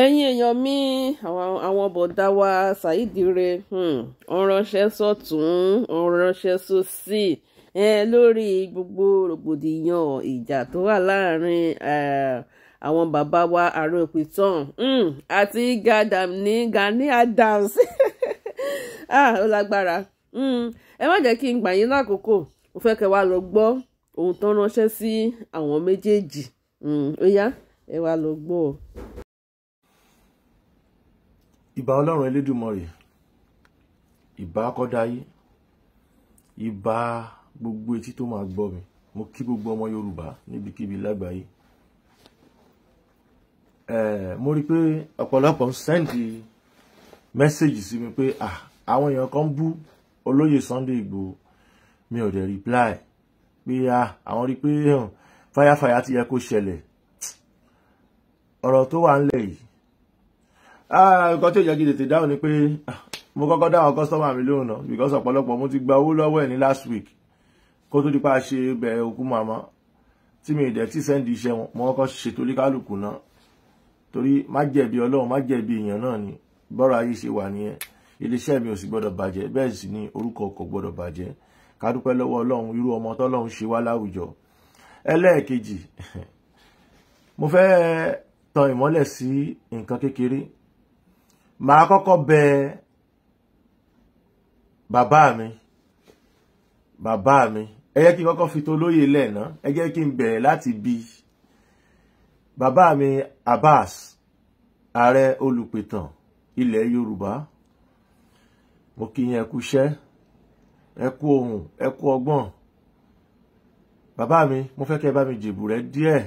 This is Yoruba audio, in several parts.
ẹ̀yin èèyàn mi àwọn bọ̀dá wa ṣàìdíire hmm, ọ̀ránṣẹ́ sọ̀tún ọ̀ránṣẹ́ sósì lórí gbogbo rògbòdìyàn ìjà tó wà láàrin àwọn bàbá wa àrùn ìpìtàn hmm, àti gadam ní Gani Adams ah ó lágbára hmm, ẹ má jẹ́ kí n gbà yín lákòókò mo fẹ́ kẹ́ wá lọ gbọ́ ohun tó ránṣẹ́ sí àwọn méjèèjì ó yá ẹ wá lọ gbọ́ ọ ìbà ọlọ́run elédùmarè ìbà akọ́dáyé ìbà gbogbo etí tó máa gbọ́ mi mo kí gbogbo ọmọ yorùbá níbikíbi lágbàáyé mo rí i pé ọ̀pọ̀lọpọ̀ ń sẹ́ǹdì mẹ́sẹ̀gì sí mi pé àwọn èèyàn kan bú olóyè Sunday Igboho mi ò dẹ̀ reply pé àwọn rí i pé fáyàfáyà ti yẹ kó ṣẹlẹ̀ ọ̀rọ̀ tó wà ńlẹ̀ yìí Ah, nǹkan tí ó jẹ́ kí tètè dáhùn ni pé ah, mo kọ́kọ́ dáhùn kọ́sọ́mà mi lóhùn náà because ọ̀pọ̀lọpọ̀ mo ti gba owó lọ́wọ́ ẹ̀ ní last week kó tó dípa ṣe bẹ̀rẹ̀ òkú màmá tí mi ìdẹ̀ tí sẹ́ndì iṣẹ́ wọn mo kọ́kọ́ ṣètò oníkálukú náà torí má jẹ̀bi ọlọ́run má jẹ̀bi èèyàn náà ni bọ́rọ̀ ayé ṣe wà nìyẹn iléeṣẹ́ mi ò sì gbọ́dọ̀ bàjẹ́ bẹ́ẹ̀ sì ni orúkọ kò gbọ́dọ̀ bàjẹ́ ká dúpẹ́ lọ́wọ́ ọlọ́run irú ọmọ tọ́lọ́run ṣe wá láwùjọ ẹlẹ́ẹ̀kejì mo fẹ́ tan ìmọ́lẹ̀ sí nǹkan kékeré màá kọ́kọ́ bẹ bàbá mi bàbá mi ẹ jẹ́ kí n kọ́kọ́ fi tó lóye lẹ́ẹ̀ná ẹ jẹ́ kí n bẹ̀rẹ̀ láti bí bàbá mi Abbas ààrẹ olùpẹ̀tàn ilẹ̀ Yorùbá mo kí yín ẹ kú iṣẹ́ ẹ kú ohùn ẹ kú ọgbọ́n bàbá mi mo fẹ́ kẹ́ bá mi jèbù rẹ díẹ̀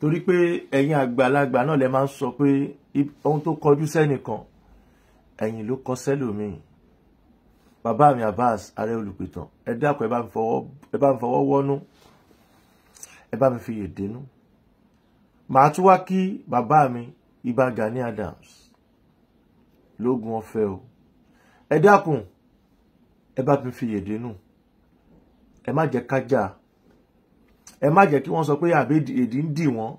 torí pé ẹ̀yin àgbàlagbà náà lẹ máa ń sọ pé ohun tó kọjú sẹ́nìkan ẹ̀yìn ló kọ sẹ́lòmíì bàbá mi Abbas ààrẹ olùpìtàn ẹ dákun ẹ bá mi fọwọ́ wọ́nú ẹ bá mi fi yè dénú màá tún wá kí bàbá mi Ìbà Gani Adams lógun ọ̀fẹ́ o ẹ dákun ẹ bá mi fi yè dénú ẹ má jẹ́ kájà ẹ má jẹ́ kí wọ́n sọ pé àbí èdè ń dì wọ́n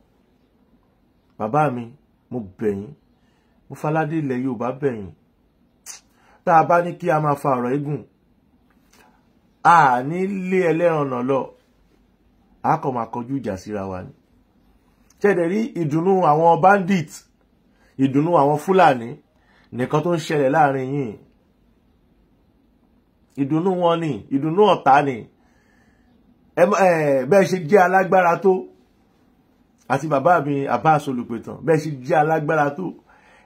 bàbá mi mo bẹ̀ yín mo faládé ilẹ̀ Yorùbá bẹ̀ yín tá a bá ní kí a máa fa ọ̀rọ̀ igun a ní lé ẹlẹ́ran náà lọ a kàn máa kọjú ìjà síra wa ni ṣẹ̀dẹ̀ rí ìdùnnú àwọn bandit ìdùnnú àwọn Fúlàní nìkan tó ń ṣẹlẹ̀ láàrin yìí ìdùnnú wọn ni ìdùnnú ọ̀tá ni bẹ́ẹ̀ ṣe jẹ́ alágbára tó àti bàbá mi Abbas Olùpẹ̀tàn bẹ́ẹ̀ ṣe jẹ́ alágbára tó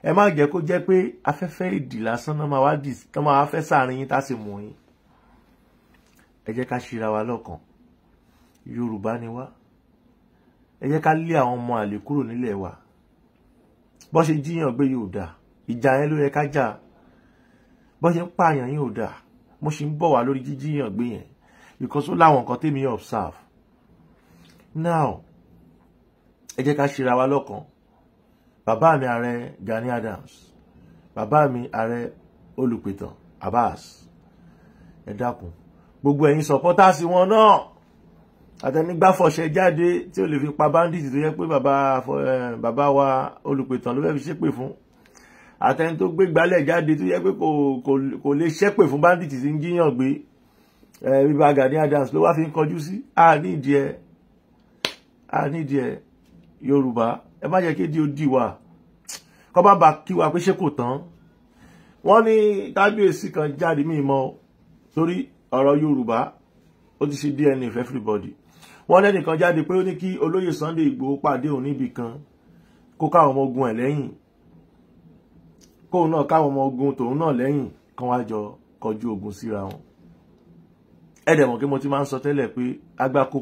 ẹ má jẹ́ kó jẹ́ pé afẹ́fẹ́ ìdì lásán náà máa wá dì tán máa fẹ́ sáàrin yín tásì mú yín ẹ jẹ́ ká ṣíra wa lọ́kàn Yorùbá ni wá ẹ jẹ́ ká lé àwọn ọmọ àlè kúrò nílẹ̀ wa bó ṣe jíyàn gbé yóò dà ìjà yẹn ló yẹ ká jà bó ṣe ń pààyàn yóò dà mo ṣì ń bọ̀ wá lórí jíjíyàn gbé yẹn because ó láwọn nǹkan tèmi observe now ẹ jẹ́ ká ṣera wa lọ́kan bàbá mi ààrẹ Gani Adams bàbá mi ààrẹ olùpẹ̀tàn Abbas ẹ dákun gbogbo ẹ̀yin sọ̀pọ́tàsì wọn náà àtẹnigbàfọ̀ṣẹ jáde tí ó lè fi pa bandit tó yẹ pé bàbá wa olùpẹ̀tàn ló fẹ́ fi ṣépè fún àtẹni tó gbé gbálẹ̀ jáde tó yẹ pé kò lè ṣépè fún bandit tí ń jíyàn gbé bíbá Gani Adams ló wá fi ń kọjú sí àníìdí ẹ àníìdí ẹ. Yoruba, ẹ má jẹ́ kéde ó dì wá kọ́ bá ba kí wa pé ṣé kò tán wọ́n ní kábíyèsí kan jáde mí mọ́ torí ọ̀rọ̀ yorùbá ó ti ṣe dna for everybody wọ́n lẹ́nìkan jáde pé ó ní kí olóyè Sunday Igboho pàdé òun níbì kan kó káwọn ọmọ ogun ẹ̀ lẹ́yìn kóun náà káwọn ọmọ ogun tòun náà lẹ́yìn kan wá jọ kọjú ogun síra wọn ẹ̀dẹ̀ mọ̀ kí mo ti máa ń sọ tẹ́lẹ̀ pé àgbà kò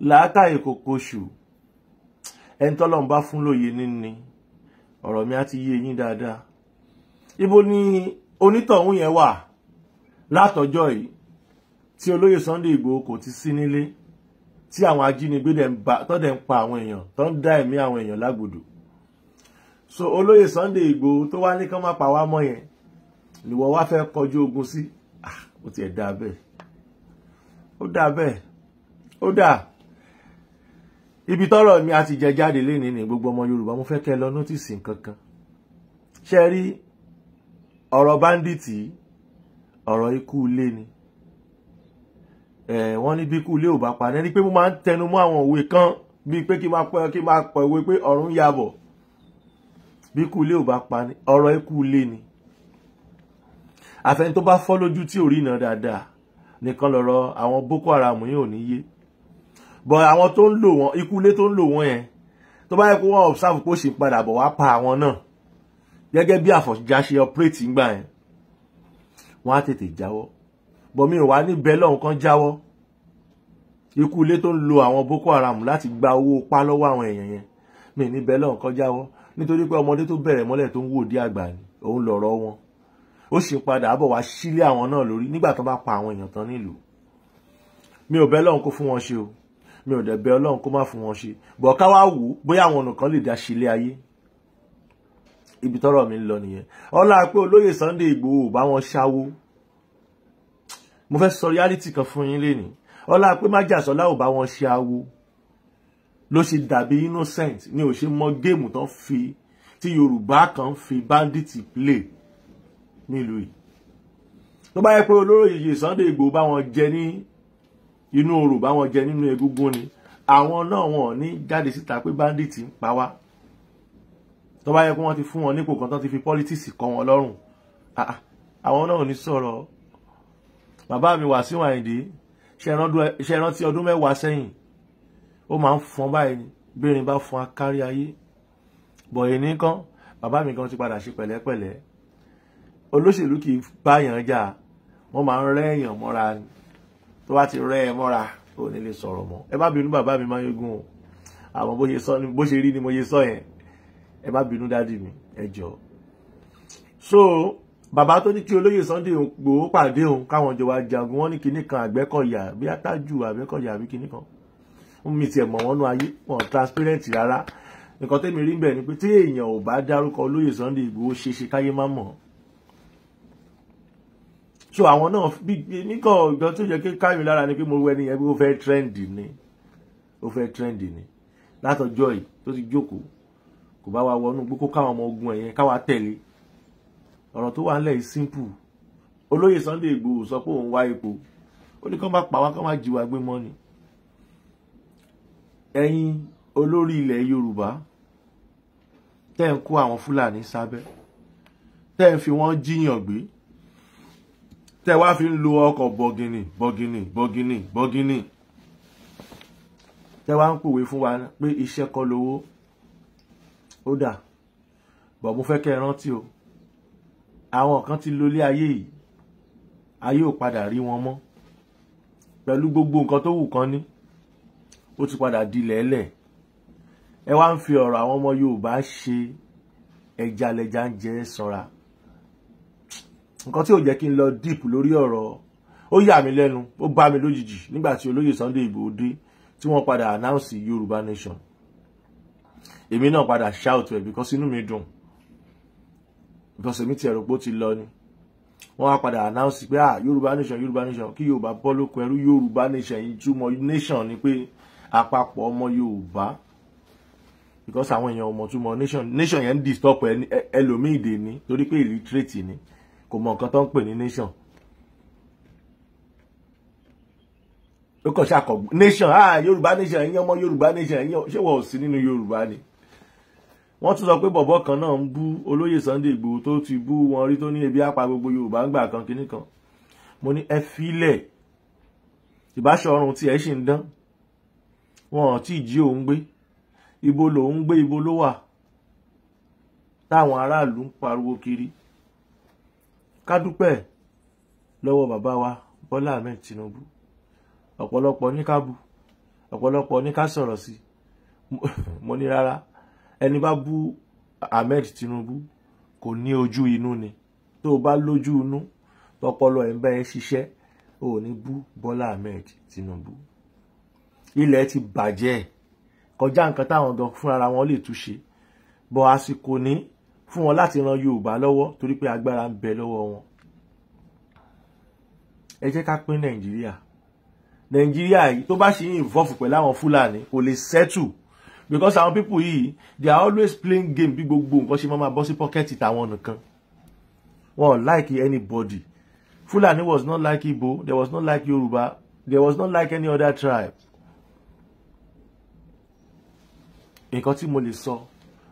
làákàyè kòkó ṣù ẹni tọ́lọ́run bá fún lóye níní ọ̀rọ̀ mi á ti yé yín dáadáa ibo ni onítọ̀hún yẹn wà látọjọ́ yìí tí olóyè Sunday Igboho kò ti sí nílé tí àwọn ajínigbé tó dẹ̀ ń pa àwọn èèyàn tó ń dá ẹ̀mí àwọn èèyàn lágbòdò so olóyè Sunday Igboho tó wá ní kán má pa wá mọ́ yẹn nìwọ wá fẹ́ kọjú ogun sí ah, ó tiẹ̀ dáa bẹ́ẹ̀ ó dáa bẹ́ẹ̀ ó dáa ibi tọ́rọ̀ mi a ti jẹ jáde lénìí ní gbogbo ọmọ Yorùbá mo fẹ́ kẹ́ lọ nọtìsì nǹkan kan ṣe rí ọ̀rọ̀ báńdíìtì ọ̀rọ̀ ikú ilé ni wọ́n ní bí ikú ilé ò bá pa ní pé mo máa ń tẹnu mọ́ àwọn òwe kan bíi pé kí máa pẹ́ kí máa pọ̀ òwe pé ọ̀run yabọ̀ bí ikú ilé ò bá pa ní ikú ilé ni àfẹni tó bá fọ́ lójú tí ò rí iná dáadáa nìkan lọ̀rọ̀ àwọn Boko Haram yìí ò ní yé but àwọn tó ń lò wọn ikú ilé tó ń lò wọn yẹn tó bá yẹ kó wọn observe kó ṣe padà bọ̀ wá pa àwọn náà gẹ́gẹ́ bí àfọ̀já ṣe operate ńgbà yẹn wọ́n á tètè jáwọ́ but mi ò wá níbẹ̀ lọ́hùn kan jáwọ́ ikú ilé tó ń lo àwọn Boko Haram láti gba owó pa lọ́wọ́ àwọn èèyàn yẹn mi níbẹ̀ lọ́hùn kan jáwọ́ nítorí pé ọmọdé tó bẹ̀rẹ̀ mọ́lẹ̀ tó ń wò dé àgbà ni òun lọ̀rọ̀ wọn ó sì padà bọ̀ wá sílé àwọn náà lórí nígbà tó bá pa àwọn èèyàn tán nílùú mi ò bẹ̀ lọ́hùn kó fún wọn ṣe o mi ò dẹ̀ bẹ ọlọ́run kó má fún wọn ṣe bọ̀ ká wá wò bóyá àwọn ọ̀nà kan lè dá ṣe ayé ibi tọ́rọ̀ mi ń lọ nìyẹn ọlá pé olóyè Sunday Igboho bá wọn ṣáwó mo fẹ́ sọ reality kan fún yín lénìí ọlá pé májàsọ́lá ò bá wọn ṣáwó ló ṣe dàbí innocent ni ò ṣe mọ géèmù tán fi tí Yorùbá kan fi bandit play nílùú yìí tó bá yẹ pé olóyè Sunday Igboho bá wọn jẹ ní inú oòrùn bá wọn jẹ nínú egungun ni àwọn náà wọn ò ní jáde síta pé bandits ń pa wá tó bá yẹ kó wọ́n ti fún wọn nípò kan tó ti fi politics kọ́ wọn lọ́rùn ah, ah, àwọn náà ò ní sọ̀rọ̀ bàbá mi Wàsíù Àyìndé ṣe rántí ọdún mẹ́wàá sẹ́yìn ó máa ń fọn báyìí ni bírin bá fọn akárí ayé bọ̀yìn nìkan bàbá mi kan ti padà ṣe pẹ̀lẹ́pẹ̀lẹ́ olóṣèlú kì í báyàn jà wọ́n máa ń rẹ́yàn mọ́ra ni tó bá ti rẹ́ ẹ mọ́ra ò ní sọ̀rọ̀ mọ́ ẹ má bínú bàbá mi máa yógún o àmọ́ bó ṣe rí ni mo ṣe sọ yẹn ẹ má bínú dádì mi ẹ jọ. so bàbá tó ní kí olóyè Sunday Igboho pàdé òun káwọn jọ wá jagun wọn ní kinní kan àgbẹ́kọ̀yà bí atájù àgbẹ́kọ̀yà àbí kinní kan mi tiẹ̀ mọ̀ wọ́n nú ayé wọn transparent rárá nǹkan tẹ́mi rí bẹ́ẹ̀ ni pé tí èèyàn ò bá dárúkọ olóyè Sunday Igboho ṣeéṣe káyé má mọ̀ ọ́ so àwọn náà bí nìkan ọ̀gbọ́n tó yẹ kí káyọ̀ lára ni pé mo wẹ ẹni yẹn pé ó fẹ́ tírẹ́ǹdì ni ó fẹ́ tírẹ́ǹdì ni látọjọ́ yìí tó ti jókòó kò bá wa wọnú gbogbo káwọn ọmọ ogun ẹ̀yẹn káwa tẹ̀lé ọ̀rọ̀ tó wà ńlẹ̀ yìí simple olóyè Sunday Igboho sọ pé òun wá ipò ó ní kán bá pa wá kán má jí wa gbé mọ́ ni ẹ̀yin olórí ilẹ̀ Yorùbá tẹ́ ń kó àwọn Fúlàní sábẹ́ tẹ́ ń fi wọ́n jíyàn gbé tẹ́ wá fi ń lo ọkọ̀ bọ̀gìnì bọ̀gìnì bọ̀gìnì bọ̀gìnì tẹ́ wá ń pòwe fún wa pé iṣẹ́ kọ́ lówó ó dà bọ̀ mo fẹ́ kẹ́ ẹ rántí o àwọn kan ti lólé ayé yìí ayé ò padà rí wọn mọ́ pẹ̀lú gbogbo nǹkan tó wù kán ní ó ti padà di lẹ́lẹ̀ ẹ wá ń fi ọ̀rọ̀ àwọn ọmọ Yorùbá ṣe ẹja lẹja ń jẹ sanra nǹkan tí ò jẹ́ kí n lọ deep lórí ọ̀rọ̀ ó yà mí lẹ́nu ó bá mi lójijì nígbà tí olóyè Sunday Ìgbòho dé tí wọ́n padà announce Yorùbá Nation èmi náà padà shout ẹ̀ because inú mi dùn because èmi ti ẹ̀rọ pé ó ti lọ ni wọ́n wá padà announce pé ah Yorùbá Nation Yorùbá Nation kí Yorùbá bọ́ lókun ẹrú Yorùbá Nation ìtumọ̀ nation ni pé àpapọ̀ ọmọ Yorùbá because àwọn èèyàn ọmọ túmọ̀ nation nation yẹn ń disturb ẹlòmíì dè ní torí pé illiterate ni kò mọ nǹkan tó ń pè ní nation ó kàn ṣàkọ nation ah yorùbá nation ẹ̀yin ọmọ yorùbá nation ẹ̀yin ṣé wọn ò sí nínú yorùbá ni wọ́n tún sọ pé bọ̀bọ̀ kan náà ń bú olóyè Sunday Igboho tó ti bú wọn rí tó ní ebi apá gbogbo yorùbá ń gbà kan kínní kan mo ní ẹ filẹ̀ ìbáṣọ ọrùn tí ẹ ṣì ń dán wọn ò tí jí òun gbé ibo lòun gbé ibo ló wà táwọn aráàlú ń pariwo kiri ká dúpẹ́ lọ́wọ́ bàbá wa Bọ́lá Ahmed Tinubu ọ̀pọ̀lọpọ̀ ní ká bu ọ̀pọ̀lọpọ̀ ní ká sọ̀rọ̀ sí mo ní rárá ẹni bá bú Ahmed Tinubu kò ní ojú inú ni tó o bá lójú inú tọpọlọ ẹ̀ ń bá ẹ ṣiṣẹ́ o ò ní bú Bọ́lá Ahmed Tinubu ilẹ̀ ti bàjẹ́ kọjá nǹkan táwọn gan fúnra wọn lè túnṣe bọ́ àsìkò ní fún wọn láti ran Yorùbá lọ́wọ́ torí pé agbára ń bẹ lọ́wọ́ wọn ẹ jẹ́ ká pín Nàìjíríà Nàìjíríà yìí tó bá ṣe involve pẹ̀lú àwọn Fúlàní kò lè settle because àwọn people yìí they are always playing game bí gbogbo nǹkan ṣe máa ma bọ́ sí pọ́kẹ́tì tàwọn nìkan wọn ò like anybody Fulani was not like Igbo, they was not like Yoruba, There was not like any other tribe. Nǹkan tí mo lè sọ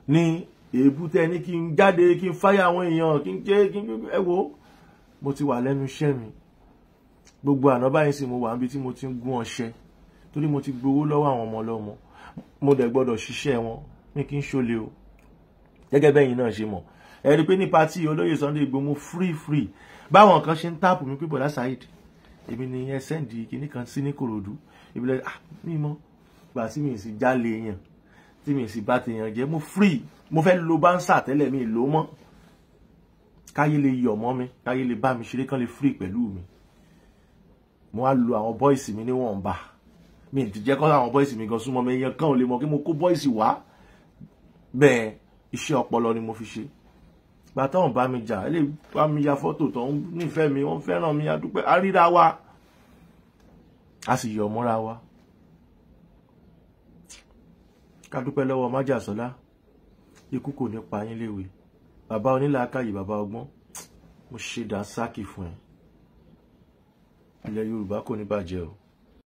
ní èébú tẹ ní kí n jáde kí n fáyà àwọn èèyàn kí n jẹ kí n ẹ wo mo ti wà lẹ́nu iṣẹ́ mi gbogbo àná báyìí sì mo wà níbi tí mo ti ń gún ọṣẹ torí mo ti gbowó lọ́wọ́ àwọn ọmọ ọlọ́mọ mo dẹ̀ gbọ́dọ̀ ṣiṣẹ́ wọn ní kí n ṣọlẹ o gẹ́gẹ́ bẹ́yìn náà ṣe mọ̀ ẹ rí pé ní pati olóyè Sunday Igboho mo free free báwọn kan ṣe ń táàpù mi pé bọ̀dá Saheed èmi ni ẹ sẹ́ǹdì kìnnìkan sí ní Kòròdú ìbílẹ̀ ah mímọ́ gbà sí mi sì jálè yẹn tí mi sì bá tèèyàn jẹ́ mo free mo fẹ́ lo bánsà tẹ́lẹ̀ mi lò mọ́ káyé lè yọ̀ mọ́ mi káyé lè bá mi ṣeré kán lè free pẹ̀lú mi mo wá lo àwọn bọ́ìsì mi níwọ̀nba mi ti jẹ́ kọ́ àwọn bọ́ìsì mi gan súnmọ́ mi èèyàn kan ò lè mọ̀ kí mo kó bọ́ìsì wa, bẹ́ẹ̀ iṣẹ́ ọpọlọ ni mo fi ṣe gbà tó ń bá mi jà ilé bá mi ya fọ́tò tó ń nífẹ̀ẹ́ mi wọ́n fẹ́ràn mi adúpẹ́ àríra wa a sì yọ̀ mọ́ra wa ká dúpẹ́ lọ́wọ́ májàsọ́lá ikú kò ní pa yín léwe bàbá onílàákàyè bàbá ọgbọ́n mo ṣe dànsákì fún ẹ ilẹ̀ yorùbá kò ní bàjẹ́ o.